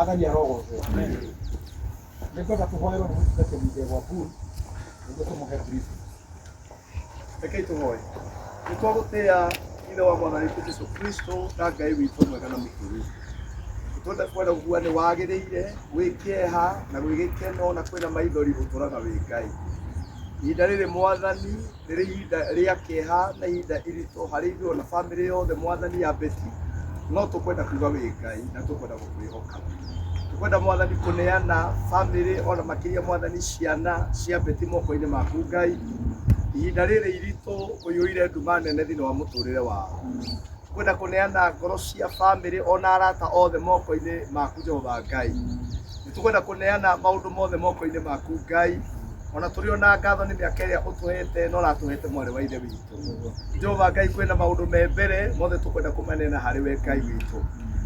akaja Roho Amen. Nipata kuhoera mtu kwa mzee wa Bulu. Ndio kama Kristo. Pekee tu hoye. Nitwagotea ile wa Bwana wetu Yesu Kristo na ngai witũ mwega na mũkũrũ. Tũtonda kwenda kuwa nĩ wagĩrĩire gwĩkĩeha na gwĩgĩkeno na kwĩna maithori raga wä ngai. Ihinda rä rä mwathani nä rä ihinda rä a kĩeha na ihinda iritũ harä ithuĩ na rä yothe mwathani yambĩtie no tukwenda kuga wi ngai na tukwenda gukwihoka tukwenda mwathani kuneana family ona makiria mwathani ciana cia moko-ini maku ngai ihinda rĩrĩ iritũ ũiyũire nduma nene thĩinĩ wa muturire wao kwenda kuneana ngoro cia family ona arata othe moko-ini maku jehova ngai nĩ tukwenda kuneana maũndũ mothe moko-ini maku ngai ona turi ona ngatho ni mä aka ä no ratuhete hete mwarä wa ithe witå jehova ngai kwä maundu maå me mbere mothe tukwenda kwenda kå manena we ngai witå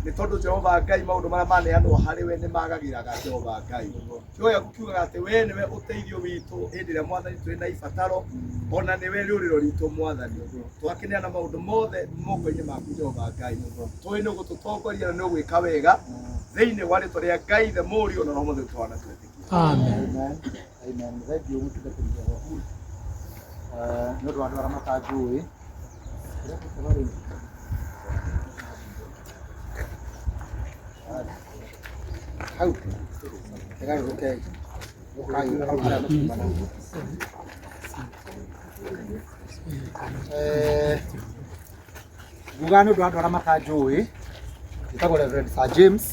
ni tondu jehova ngai maundu mara mane a hari we ni magagä raga jehova ngai yo ya kukiuga ati we ni we uteithio teithio witå hä ndä ä rä mwathani twä na ibataro ona ni we ruriro ritu rä ro ritå mwathani twakä neana maå mothe moko-inä maku jehova ngai twi ni gututongoria å gå na nä å wega thä inä wa rä twa ngai the muri ona no mothe twana twä amen, kia aimeanithagia umwe tugateithia gwaku ni undu wa andu aria matanjui hau egaruruke nguga ni undu wa andu aria matanjui nditagwo Reverend Sir James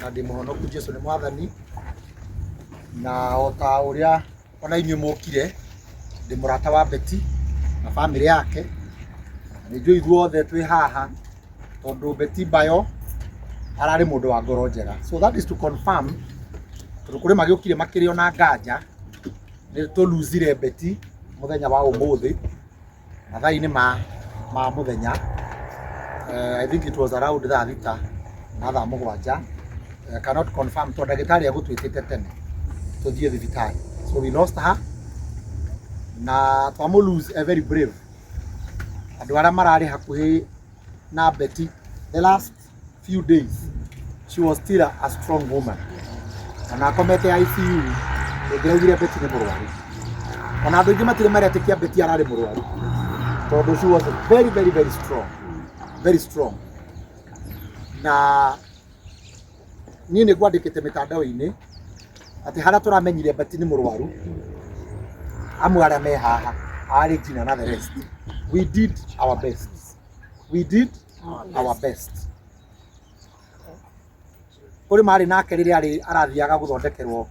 na ndi muhonoku Jesu ni mwathani na ota uria ona inyu mukire ndi murata wa Beti na family yake ni na nĩnjũĩ ithuothe twi haha tondu Beti Bayo arari mundu wa ngoro njega so that is to confirm tondũ kũrĩ magĩũkire makĩrĩ ona nganja nĩ tũluzire Beti muthenya wa umuthi mathaa-inĩ ma ma muthenya uh, eh, I think it was around thaa thita na thaa mugwanja uh, eh, cannot confirm tondũ ndagĩtarĩ agutwitite tene tuthiä thibitarä so we lost her na twamå lose a very brave andå arä a mararä na Betty the last few days she was still a strong woman ona akomete ICU ndängäraugire Betty nä må rwaru ona andå aingä matirä marä kia Betty ararä må rwaru tondå she was very very very strong very strong na niä nä ngwandä kä te mä tandao ati haria turamenyire bati ni murwaru amwe aria me haha ari jina na the rest we did our best we did our best kuri mari nake riria ari arathiaga guthondekerwo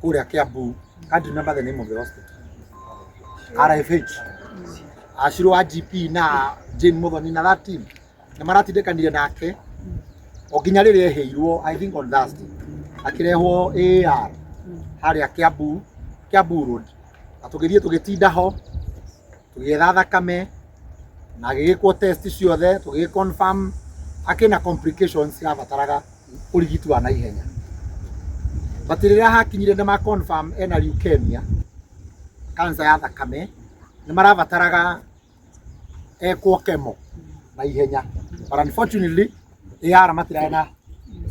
kuria Kiambu kandi namba the name of the hospital RFH ashirwo wa GP na Jane Muthoni na that team ni maratindikanire nake o nginya riria eheirwo i think on Thursday akirehwo AR haria kiabu kiabu Road na tugithie tugitinda ho tugietha thakame na gigikwo test ciothe tugi confirm akina complications yabataraga urigiti wa na ihenya batirira hakinyire na ma confirm ena leukemia kansa ya thakame ni marabataraga ekwo kemo na ihenya but unfortunately AR matirae na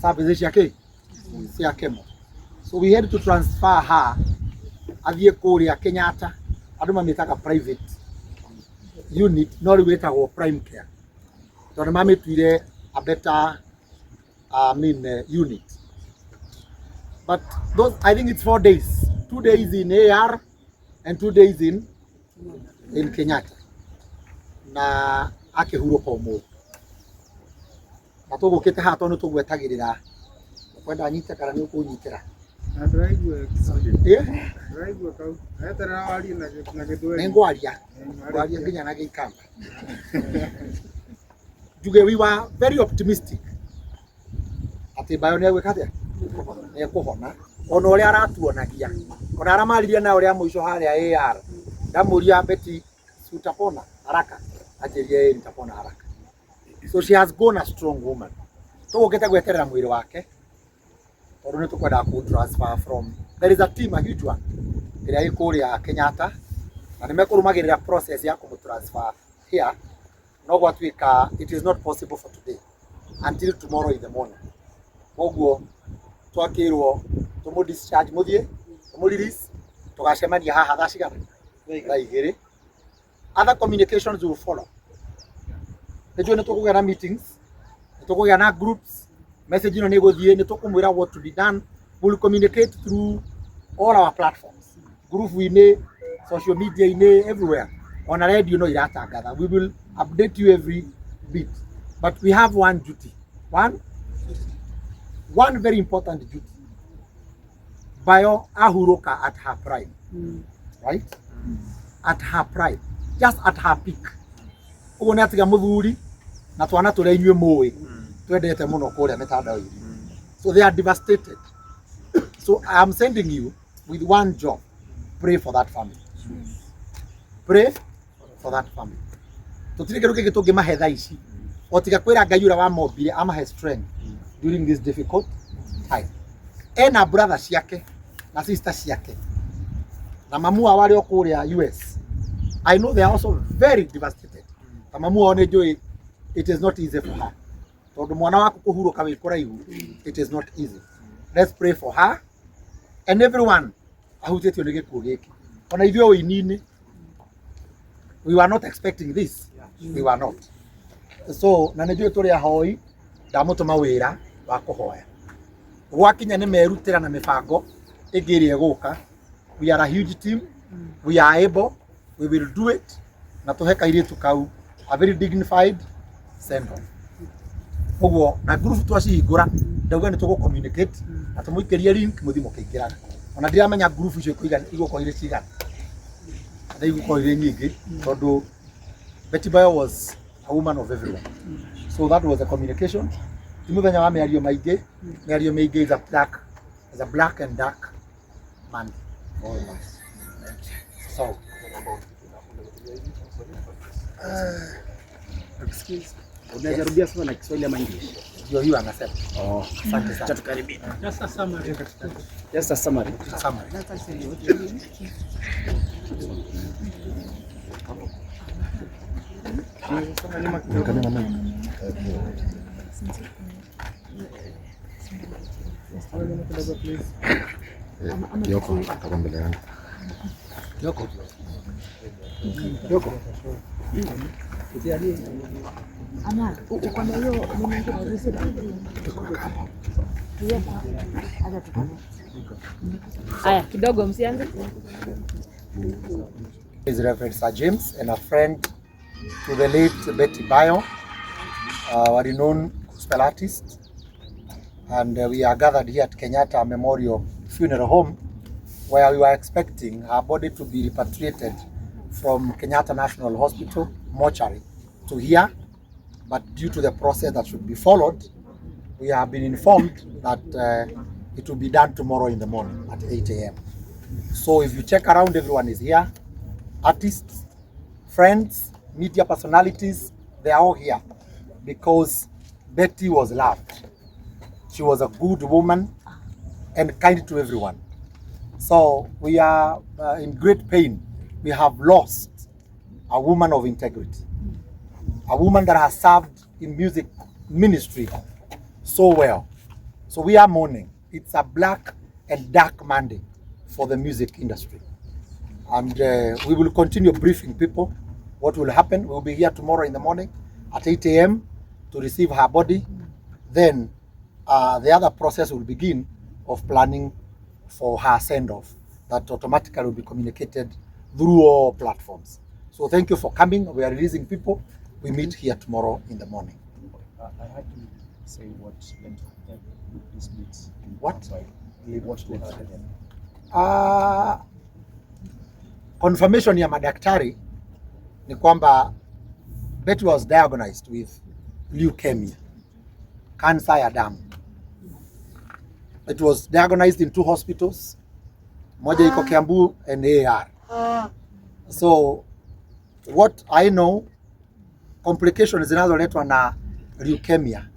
services cia kĩ cia kemo so we had to transfer her athie kuria Kenyatta andu mamitaga private unit no riu itagwo prime care tondu mamituire a better I mean uh, eh, unit but those I think it's four days two days in AR and two days in in Kenyatta na akihuruka umu na tugukite hato ni tugwetagirira kwenda anyite kana ni ukunyitira ningwaria ngwaria nginya na giikamba njuge we were very optimistic ati mbayo ni agwika atia ni ekuhona ona uria aratuonagia ona aria maririe na uria muico haria AR ndamuria beti utapona haraka ajirie nitapona haraka so she has gone a strong woman tugukite gweterera mwiri wake tondu ni tukwenda ku transfer from there is a team a huge one iria i kuria Kenyatta na ni mekurumagirira process ya transfer here no what we gwatuika it is not possible for today until tomorrow in the morning koguo twakirwo tumu discharge muthie tumu release tugacemania haha thaa cigana thaa igiri other communications will follow nijue ni tukugia na meetings ni tukugia na groups message ino ni guthie ni tukumwira what to be done we will communicate through all our platforms group ine social media ine everywhere ona radio no iratangatha we will update you every bit but we have one duty one one very important duty Bayo ahuruka at her prime mm. right mm. at her prime just at her peak ugo ni atiga muthuri na twana turia inyue mui twendete muno kuria mitandao-ini so they are devastated so i am sending you with one job pray for that family pray for that family tutire kiru kingi tungimahe thaa ici o tiga kwira ngai uria wamombire amahe strength during this difficult time ena brother ciake na sister ciake na mamu wao o kũrĩa US i know they are also very devastated na mamu wao it is not easy for her tondu mwana waku kuhuruka wi kuraihu it is not easy let's pray for her and everyone ahutitio ni gikuo giki ona ithuĩ ũini we were not expecting this we were not so na nä njå tå rä ahoi ndamutuma wira wa kuhoya gwakinya nä merutira na mibango ingi iria iguka we are a huge team mm. we are able we will do it na tuhe kairitu kau a very dignified send off koguo na group twacihingura ndauga nitugu communicate na tumuikerie link muthi mukiingiraga ona ndiramenya group icio ikuigana igukorwo irĩ cigana na igukorwo irĩ nyingĩ tondũ Betty Bayo was a woman of everyone so that was a communication ti muthenya wa mĩario maingĩ mĩario mĩingĩ is a black is a black and dark man for us so uh, excuse me Unajaribia sana na Kiswahili ama English? Ndio hiyo anasema. Oh, asante sana. Tutakaribia. Just a summary. Just a summary. Summary. Yoko atakwambia yangu. Aya, kidogo msianze. Is Reverend Sir James and a friend to the late Betty Bayo, a renowned gospel artist, and uh, we are gathered here at Kenyatta Memorial Funeral Home where we were expecting her body to be repatriated from Kenyatta National Hospital mortuary to here, but due to the process that should be followed, we have been informed that uh, it will be done tomorrow in the morning at 8 a.m. So if you check around, everyone is here. Artists, friends, media personalities, they are all here because Betty was loved. She was a good woman and kind to everyone. So we are uh, in great pain. We have lost a woman of integrity, a woman that has served in music ministry so well. So we are mourning. It's a black and dark Monday for the music industry. And uh, we will continue briefing people what will happen. We'll be here tomorrow in the morning at 8 a.m. to receive her body. Then uh, the other process will begin of planning for her send off that automatically will be communicated through all platforms. So thank you for coming. We are releasing people. We meet here tomorrow in the morning. I had to say what led to them. This means. what? What led to them? Uh, confirmation ya madaktari ni kwamba Betty was diagnosed with leukemia, cancer ya damu It was diagnosed in two hospitals, moja iko ah. Kiambu and AR. Ah. So what I know complications zinazoletwa na leukemia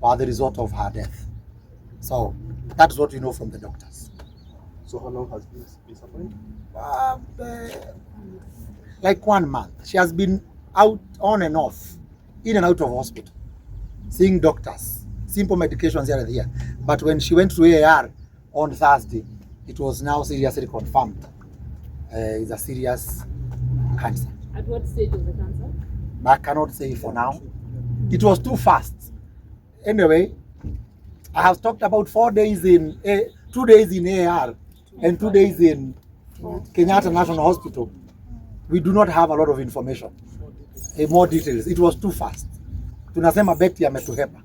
were the result of her death. So that is what we know from the doctors. So how long has been suffering? Um, uh, like one month. She has been out on and off, in and out of hospital, seeing doctors simple medications here and there. But when she went to AR on Thursday, it was now seriously confirmed. Uh, it's a serious cancer. At what stage was the cancer? I cannot say for now. It was too fast. Anyway, I have talked about four days in, A two days in AR and two days in Kenyatta National Hospital. We do not have a lot of information. Eh, more details. It was too fast. Tunasema Betty ametuhepa.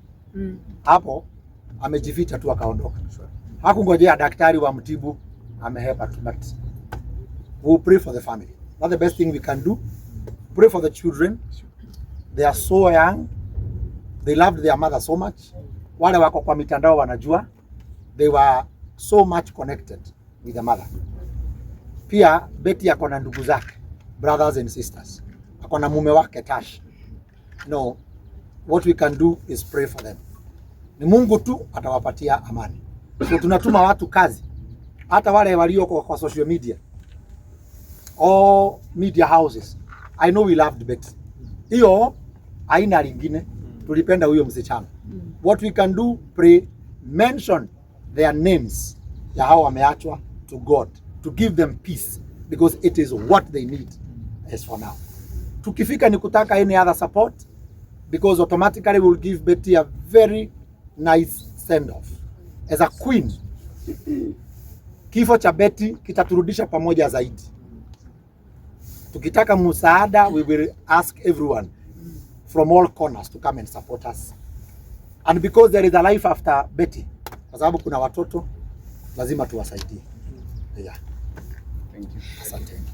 Hapo amejificha tu akaondoka, hakungojea daktari wa mtibu, amehepa tu. But we pray for the family, that's the best thing we can do. Pray for the children, they are so young, they loved their mother so much. Wale wako kwa mitandao wanajua they were so much connected with the mother. Pia Betty ako na ndugu zake, brothers and sisters, ako na mume wake Tash. No, what we can do is pray for them. Ni Mungu tu atawapatia amani. So, tunatuma watu kazi, hata wale walio kwa, kwa social media or media houses. I know we loved Betty, hiyo aina lingine tulipenda huyo msichana. What we can do pray, mention their names ya hao wameachwa to God to give them peace because it is what they need as for now. Tukifika ni kutaka any other support because automatically we will give Betty a very nice send off as a queen. Kifo cha Betty kitaturudisha pamoja zaidi. Tukitaka msaada, we will ask everyone from all corners to come and support us and because there is a life after Betty, kwa sababu kuna watoto lazima tuwasaidie. Yeah. Thank you. Asante.